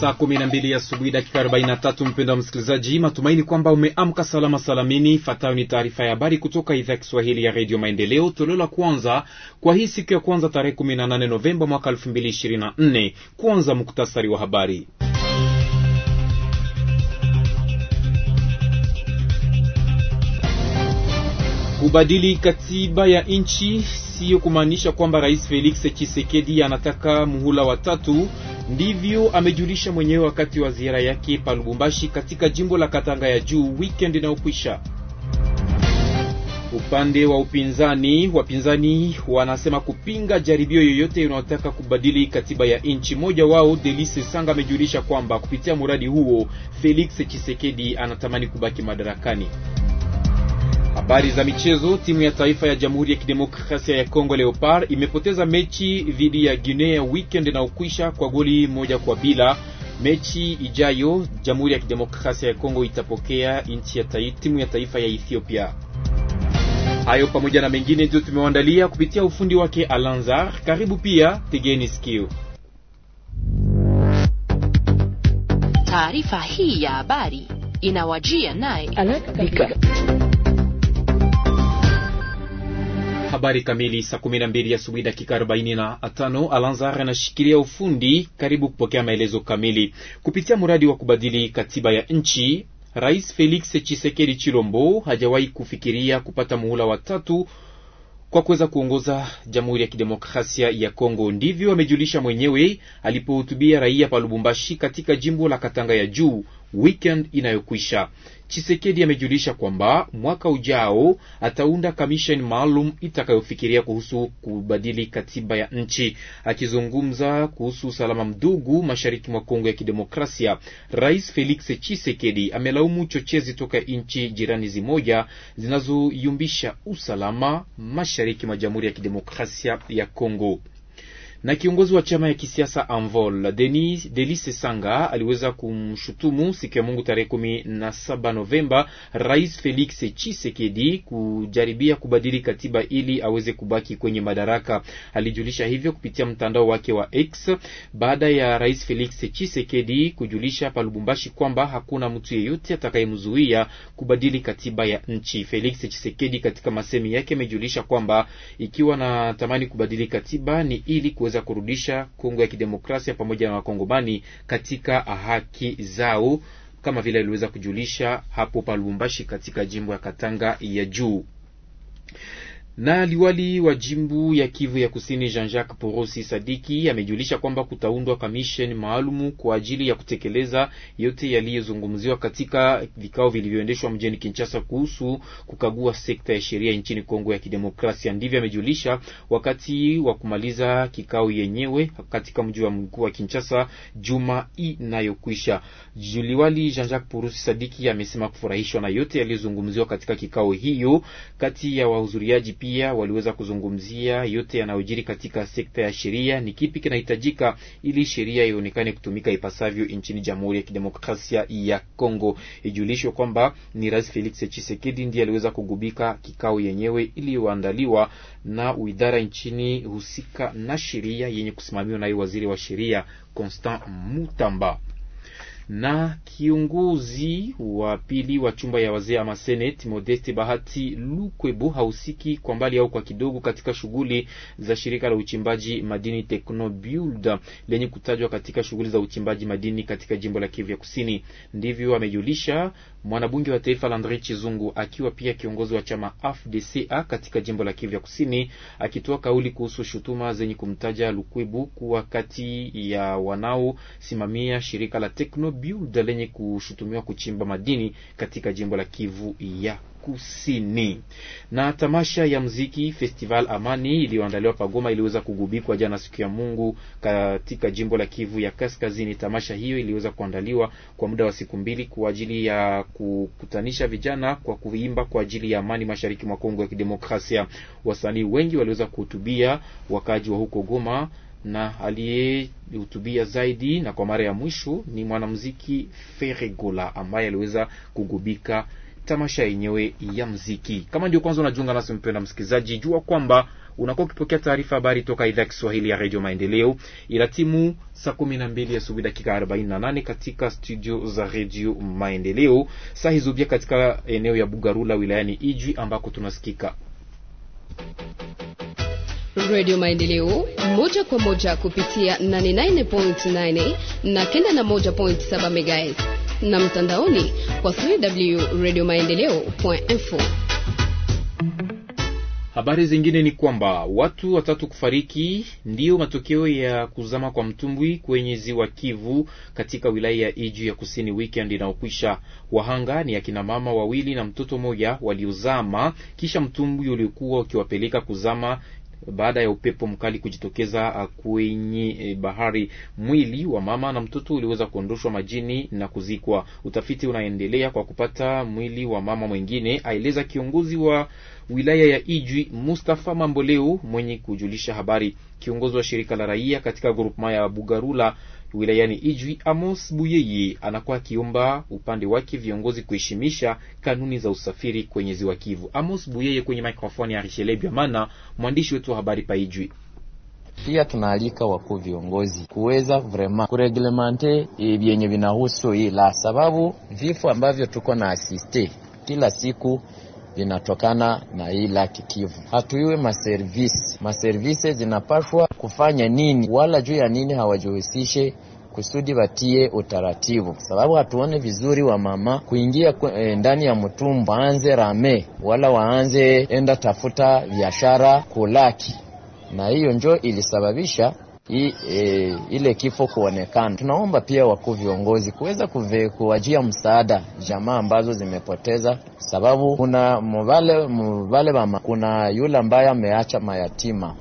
saa 12 asubuhi dakika 43. Mpendo wa msikilizaji, matumaini kwamba umeamka salama salamini. fatayo ni taarifa ya habari kutoka idhaa ya Kiswahili ya redio Maendeleo, toleo la kwanza kwa hii siku ya kwanza tarehe 18 Novemba mwaka nne Kwanza muktasari wa habari. Kubadili katiba ya nchi siyo kumaanisha kwamba Rais Felix chisekedi anataka muhula wa tatu Ndivyo amejulisha mwenyewe wakati wa ziara yake pa Lubumbashi katika jimbo la Katanga ya juu weekend inayokwisha. Upande wa upinzani, wapinzani wanasema kupinga jaribio yoyote inayotaka kubadili katiba ya nchi. Mmoja wao Delice Sanga amejulisha kwamba kupitia mradi huo Felix Chisekedi anatamani kubaki madarakani. Habari za michezo. Timu ya taifa ya Jamhuri ya Kidemokrasia ya Kongo Leopard imepoteza mechi dhidi ya Guinea weekend na ukwisha kwa goli moja kwa bila. Mechi ijayo Jamhuri ya Kidemokrasia ya Kongo itapokea nchi ya timu ya taifa ya Ethiopia. Hayo pamoja na mengine ndio tumewaandalia kupitia ufundi wake Alanzar. Karibu pia, tegeni sikio. Taarifa hii ya habari inawajia naye Habari kamili saa 12 asubuhi dakika 45. Alanzar anashikilia ufundi. Karibu kupokea maelezo kamili. Kupitia mradi wa kubadili katiba ya nchi, Rais Felix chisekedi Chilombo hajawahi kufikiria kupata muhula wa tatu kwa kuweza kuongoza Jamhuri ya Kidemokrasia ya Kongo. Ndivyo amejulisha mwenyewe alipohutubia raia palubumbashi katika jimbo la Katanga ya Juu weekend inayokwisha. Chisekedi amejulisha kwamba mwaka ujao ataunda kamisheni maalum itakayofikiria kuhusu kubadili katiba ya nchi. Akizungumza kuhusu usalama mdugu mashariki mwa Kongo ya Kidemokrasia, Rais Felix Chisekedi amelaumu chochezi toka nchi jirani zimoja zinazoyumbisha usalama mashariki mwa Jamhuri ya Kidemokrasia ya Kongo na kiongozi wa chama ya kisiasa Anvol Denis Delise Sanga aliweza kumshutumu siku ya Mungu tarehe 17 Novemba Rais Felix Tshisekedi kujaribia kubadili katiba ili aweze kubaki kwenye madaraka. Alijulisha hivyo kupitia mtandao wake wa X baada ya Rais Felix Tshisekedi kujulisha hapa Lubumbashi kwamba hakuna mtu yeyote atakayemzuia kubadili katiba ya nchi. Felix Tshisekedi katika masemi yake amejulisha kwamba ikiwa na tamani kubadili katiba ni ili ku kuweza kurudisha Kongo ya Kidemokrasia pamoja na wakongomani katika haki zao kama vile aliweza kujulisha hapo pa Lubumbashi katika jimbo ya Katanga ya juu. Na liwali wa jimbo ya Kivu ya Kusini Jean-Jacques Porosi Sadiki amejulisha kwamba kutaundwa kamisheni maalumu kwa ajili ya kutekeleza yote yaliyozungumziwa katika vikao vilivyoendeshwa mjini Kinshasa kuhusu kukagua sekta ya sheria nchini Kongo ya Kidemokrasia. Ndivyo amejulisha wakati wa kumaliza kikao yenyewe katika mji wa mkuu wa Kinshasa juma inayokwisha. Liwali Jean-Jacques Porosi Sadiki amesema kufurahishwa na yote yaliyozungumziwa katika kikao hiyo kati ya wahudhuriaji pia waliweza kuzungumzia yote yanayojiri katika sekta ya sheria, ni kipi kinahitajika ili sheria ionekane kutumika ipasavyo nchini Jamhuri ya Kidemokrasia ya Kongo. Ijulishwe kwamba ni Rais Felix Tshisekedi ndiye aliweza kugubika kikao yenyewe iliyoandaliwa na idara nchini husika na sheria yenye kusimamiwa naye waziri wa sheria Constant Mutamba na kiongozi wa pili wa chumba ya wazee ama Senate Modeste Bahati Lukwebu hausiki kwa mbali au kwa kidogo katika shughuli za shirika la uchimbaji madini Technobuild lenye kutajwa katika shughuli za uchimbaji madini katika jimbo la Kivu ya Kusini. Ndivyo amejulisha Mwanabunge wa taifa Landre Chizungu akiwa pia kiongozi wa chama AFDCA katika jimbo la Kivu ya Kusini akitoa kauli kuhusu shutuma zenye kumtaja Lukwebu kuwa kati ya wanaosimamia shirika la Teknobio lenye kushutumiwa kuchimba madini katika jimbo la Kivu ya Kusini. Na tamasha ya mziki Festival Amani iliyoandaliwa pagoma iliweza kugubikwa jana siku ya Mungu katika jimbo la Kivu ya Kaskazini. Tamasha hiyo iliweza kuandaliwa kwa muda wa siku mbili kwa ajili ya kukutanisha vijana kwa kuimba kwa ajili ya amani mashariki mwa Kongo ya Kidemokrasia. Wasanii wengi waliweza kuhutubia wakaaji wa huko Goma na aliyehutubia zaidi na kwa mara ya mwisho ni mwanamuziki Ferigola ambaye aliweza kugubika tamasha yenyewe ya mziki. Kama ndio kwanza unajiunga nasi, mpenda msikilizaji, jua kwamba unakuwa ukipokea taarifa habari toka idhaa ya Kiswahili ya redio Maendeleo. Ila timu saa kumi na mbili asubuhi dakika arobaini na nane katika studio za redio Maendeleo, saa hizo pia katika eneo ya Bugarula wilayani Ijwi ambako tunasikika Redio Maendeleo moja kwa moja kupitia 89.9 na 91.7 MHz na mtandaoni kwa www.radiomaendeleo.info. Habari zingine ni kwamba watu watatu kufariki ndiyo matokeo ya kuzama kwa mtumbwi kwenye ziwa Kivu katika wilaya ya Iju ya kusini weekend inayokwisha. Wahanga ni akina mama wawili na mtoto mmoja waliozama kisha mtumbwi uliokuwa ukiwapeleka kuzama baada ya upepo mkali kujitokeza ah, kwenye eh, bahari. Mwili wa mama na mtoto uliweza kuondoshwa majini na kuzikwa. Utafiti unaendelea kwa kupata mwili wa mama mwingine, aeleza kiongozi wa wilaya ya Ijwi, Mustafa Mamboleu mwenye kujulisha habari. Kiongozi wa shirika la raia katika grupema ya Bugarula wilayani Ijwi, Amos Buyeyi, anakuwa akiomba upande wake viongozi kuheshimisha kanuni za usafiri kwenye ziwa Kivu. Amos Buyeyi kwenye mikrofoni ya Richele Biamana, mwandishi wetu wa habari pa Ijwi. Pia tunaalika wako viongozi kuweza vrema kureglemente eh, vyenye vinahusu hii la sababu vifo ambavyo tuko na asiste kila siku linatokana na hii laki Kivu. hatuiwe maservisi, maservisi zinapashwa kufanya nini, wala juu ya nini hawajihusishe kusudi watie utaratibu, sababu hatuone vizuri wa mama kuingia e, ndani ya mtumba anze rame wala waanze enda tafuta biashara kulaki, na hiyo njo ilisababisha i, e, ile kifo kuonekana. Tunaomba pia wakuu viongozi kuweza kuwajia msaada jamaa ambazo zimepoteza, sababu kuna mvale mvale mama, kuna yule ambaye ameacha mayatima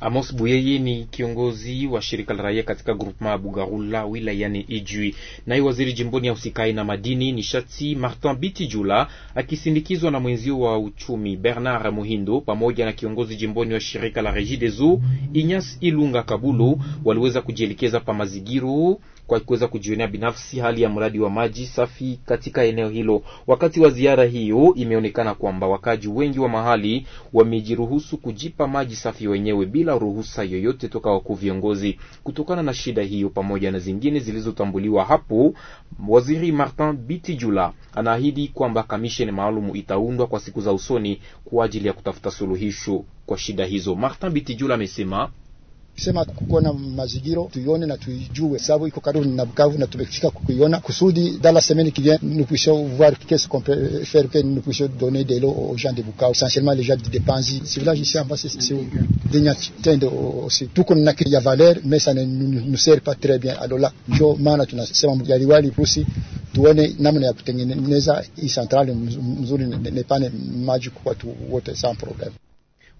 Amos Buyeye ni kiongozi wa shirika la raia katika groupement ya Bugarula wilayani Ijwi. Naye waziri jimboni ya usikai na madini nishati Martin Biti Jula akisindikizwa na mwenzio wa uchumi Bernard Muhindo pamoja na kiongozi jimboni wa shirika la Regideso Inyas Ilunga Kabulu waliweza kujielekeza pa mazigiro kwa kuweza kujionea binafsi hali ya mradi wa maji safi katika eneo hilo. Wakati wa ziara hiyo, imeonekana kwamba wakaji wengi wa mahali wamejiruhusu kujipa maji safi wenyewe bila ruhusa yoyote toka wakuu viongozi. Kutokana na shida hiyo pamoja na zingine zilizotambuliwa hapo, waziri Martin Bitijula anaahidi kwamba kamisheni maalum itaundwa kwa siku za usoni kwa ajili ya kutafuta suluhisho kwa shida hizo. Martin Bitijula amesema sema kuko na mazigiro tuione na tuijue, sababu iko karibu na Bukavu na tumefika kuiona kusudi dala semaine qui vient nous puissions voir qu'est-ce qu'on peut faire que nous puissions donner de l'eau aux gens de Bukavu, essentiellement les gens de Depanzi. Ce village ici en bas c'est c'est des Denyatende aussi, tout tuko na y a valeur mais ça ne nous sert pas très bien. Alors là ndio maana tunasema mjaliwali pusi tuone namna ya kutengeneza hii centrale mzuri, nepane maji kwa watu wote sans problème.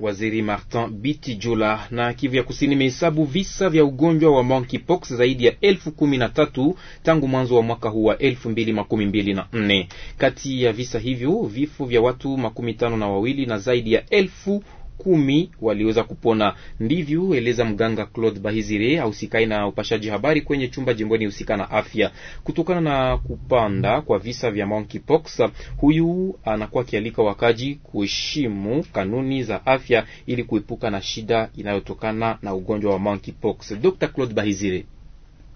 Waziri Martin Bitijula na Kivu ya Kusini imehesabu visa vya ugonjwa wa monkeypox zaidi ya elfu kumi na tatu tangu mwanzo wa mwaka huu wa elfu mbili makumi mbili na nne. Kati ya visa hivyo vifo vya watu makumi tano na wawili na zaidi ya elfu kumi waliweza kupona. Ndivyo eleza mganga Claude Bahizire ahusikai na upashaji habari kwenye chumba jimboni husika na afya. Kutokana na kupanda kwa visa vya monkeypox, huyu anakuwa akialika wakaji kuheshimu kanuni za afya ili kuepuka na shida inayotokana na ugonjwa wa monkeypox. Dr Claude Bahizire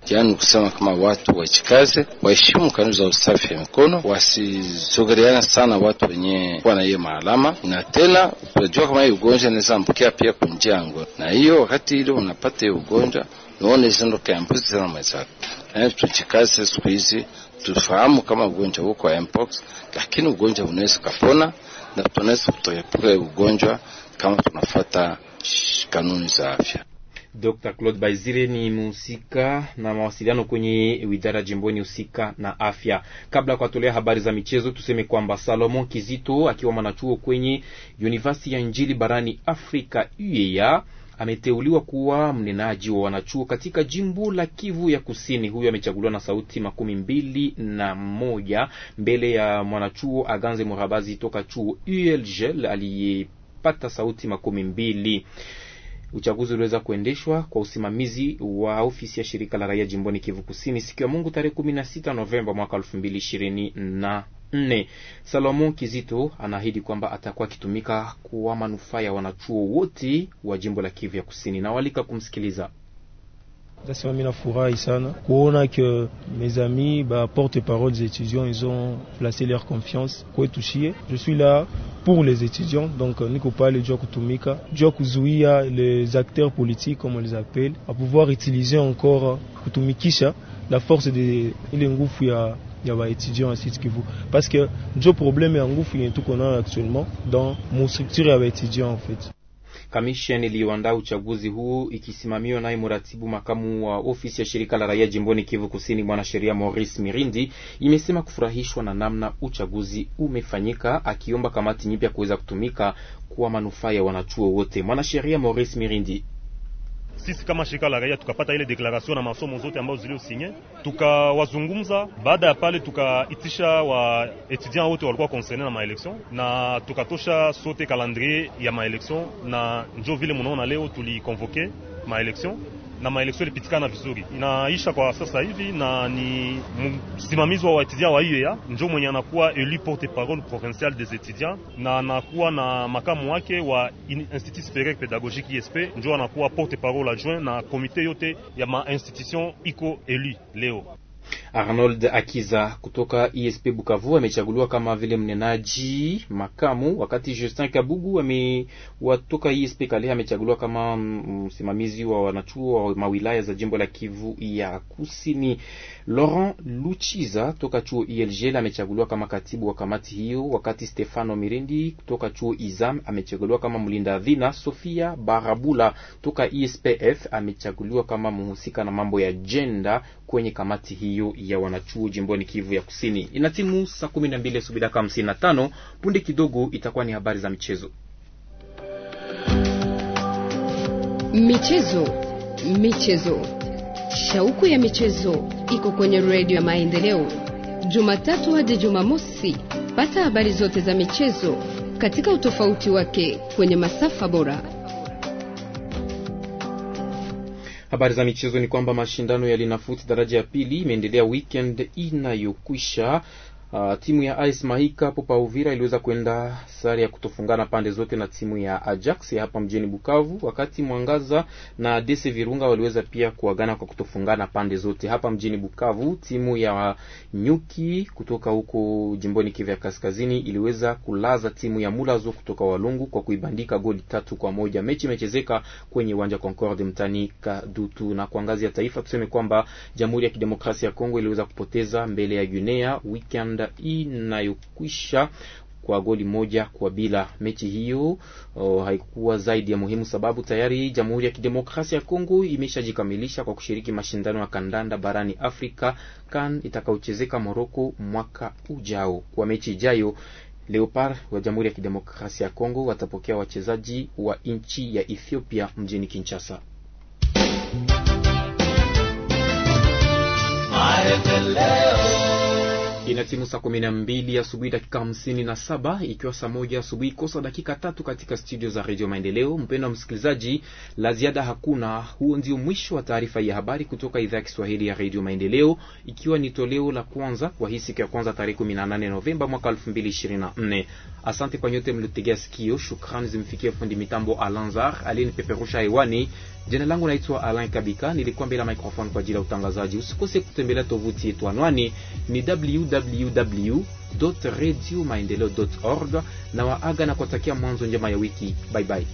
yaani kusema kama watu wachikaze, waheshimu kanuni za usafi ya mikono, wasizogereana sana watu wenye kuwa na hiyo maalama, na tena tunajua kama hiyo ugonjwa inaweza ambukia pia kunjango, na hiyo wakati ile unapata hiyo ugonjwa zindo nonezindokeambuzi sana mwenzako, yaani tuchikaze siku hizi tufahamu kama ugonjwa huko wa mpox, lakini ugonjwa unaweza kapona na tunaweza kutoepuka ugonjwa kama tunafuata kanuni za afya. Dr. Claude Baizire ni mhusika na mawasiliano kwenye widara jimboni husika na afya. Kabla ya kuwatolea habari za michezo, tuseme kwamba Salomo Kizito akiwa mwanachuo kwenye University ya Injili barani Afrika UEA ameteuliwa kuwa mnenaji wa wanachuo katika jimbo la Kivu ya Kusini. Huyu amechaguliwa na sauti makumi mbili na moja mbele ya mwanachuo Aganze Murabazi toka chuo ULGL aliyepata sauti makumi mbili. Uchaguzi uliweza kuendeshwa kwa usimamizi wa ofisi ya shirika la raia jimboni Kivu Kusini siku ya Mungu tarehe 16 Novemba mwaka 2020 nne. Salomon Kizito anaahidi kwamba atakuwa akitumika kwa manufaa ya wanachuo wote wa jimbo la Kivu ya Kusini na walika kumsikiliza. Nasema sana kuona que mes amis ba porte parole des ils ont placé leur confiance kwetu shie. Je suis là pour les étudiants. Donc euh, Nikopale Kutumika doit kuzuia les acteurs politiques, comme on les appelle, à pouvoir utiliser encore kutumikisha euh, la force de ile y ya ya étudiants, ainsi que vous parce que le problème ya nguvu yetu qu'on a actuellement dans mon structure les étudiants, en fait Kamisheni iliyoandaa uchaguzi huu ikisimamiwa naye mratibu makamu wa ofisi ya shirika la raia jimboni Kivu Kusini, mwanasheria Maurice Mirindi, imesema kufurahishwa na namna uchaguzi umefanyika, akiomba kamati nyipya kuweza kutumika kwa manufaa ya wanachuo wote. Mwanasheria Maurice Mirindi sisi kama shirika la raia tukapata ile deklaration na masomo zote ambazo ziliosinye, tukawazungumza. Baada ya pale, tukaitisha wa etudiant wote walikuwa concerne na maelection na tukatosha sote calendrier ya maelection, na njo vile munaona leo tulikonvoke maelection na maeleksio ilipitikana vizuri, inaisha kwa sasa hivi, na ni msimamizi wa waetudian wa hiyo ya e njo mwenye anakuwa elu porte parole provincial des etudiants, na anakuwa na makamu wake wa Institut superieur pédagogique ISP, njo anakuwa porte parole adjoint, na komite yote ya ma institution iko elu leo. Arnold Akiza kutoka ISP e Bukavu amechaguliwa kama vile mnenaji makamu, wakati Justin Kabugu amewatoka ISP e Kale amechaguliwa kama msimamizi wa wanachuo wa mawilaya za jimbo la Kivu ya Kusini. Laurent Luchiza toka chuo ILG e amechaguliwa kama katibu wa kamati hiyo, wakati Stefano Mirindi kutoka chuo Izam amechaguliwa kama mlinda dhina. Sofia Barabula toka ISPF amechaguliwa kama mhusika na mambo ya jenda kwenye kamati hiyo ya wanachuo jimboni Kivu ya Kusini. Ina timu saa kumi na mbili asubuhi dakika hamsini na tano. Punde kidogo itakuwa ni habari za michezo. Michezo, michezo, shauku ya michezo iko kwenye redio ya Maendeleo, Jumatatu hadi Jumamosi. Pata habari zote za michezo katika utofauti wake kwenye masafa bora Habari za michezo ni kwamba mashindano ya Linafoot daraja ya pili imeendelea weekend inayokwisha Uh, timu ya AS Mahika hapo pa Uvira iliweza kwenda sare ya kutofungana pande zote na timu ya Ajax ya hapa mjini Bukavu, wakati Mwangaza na DC Virunga waliweza pia kuagana kwa kutofungana pande zote hapa mjini Bukavu. Timu ya Nyuki kutoka huko jimboni Kivu ya Kaskazini iliweza kulaza timu ya Mulazo kutoka Walungu kwa kuibandika goli tatu kwa moja. Mechi imechezeka kwenye uwanja Concorde mtani Kadutu. Na kwa ngazi ya taifa tuseme kwamba Jamhuri ya Kidemokrasia ya Kongo iliweza kupoteza mbele ya Guinea weekend Rwanda inayokwisha kwa goli moja kwa bila. Mechi hiyo oh, haikuwa zaidi ya muhimu sababu tayari Jamhuri ya Kidemokrasia ya Kongo imeshajikamilisha kwa kushiriki mashindano ya kandanda barani Afrika CAN itakaochezeka Morocco mwaka ujao. Kwa mechi ijayo Leopard wa Jamhuri ya Kidemokrasia ya Kongo watapokea wachezaji wa nchi ya Ethiopia mjini Kinshasa. Ina timu saa kumi na mbili asubuhi dakika hamsini na saba ikiwa saa moja asubuhi kosa dakika tatu katika studio za redio Maendeleo. Mpendo wa msikilizaji, la ziada hakuna. Huo ndio mwisho wa taarifa ya habari kutoka idhaa ya Kiswahili ya redio Maendeleo, ikiwa ni toleo la kwanza kwa hii siku ya kwanza tarehe kumi na nane Novemba mwaka elfu mbili ishirini na nne. Asante kwa nyote mliotegea sikio. Shukrani zimfikie fundi mitambo Alanzar aliyenipeperusha hewani. Jina langu naitwa Alain Kabika, nilikuwa mbele ya microphone kwa ajili ya utangazaji. Usikose kutembelea tovuti yetu, anwani ni w www.radiomaendeleo.org na waaga na kuwatakia mwanzo njema ya wiki. Bye bye.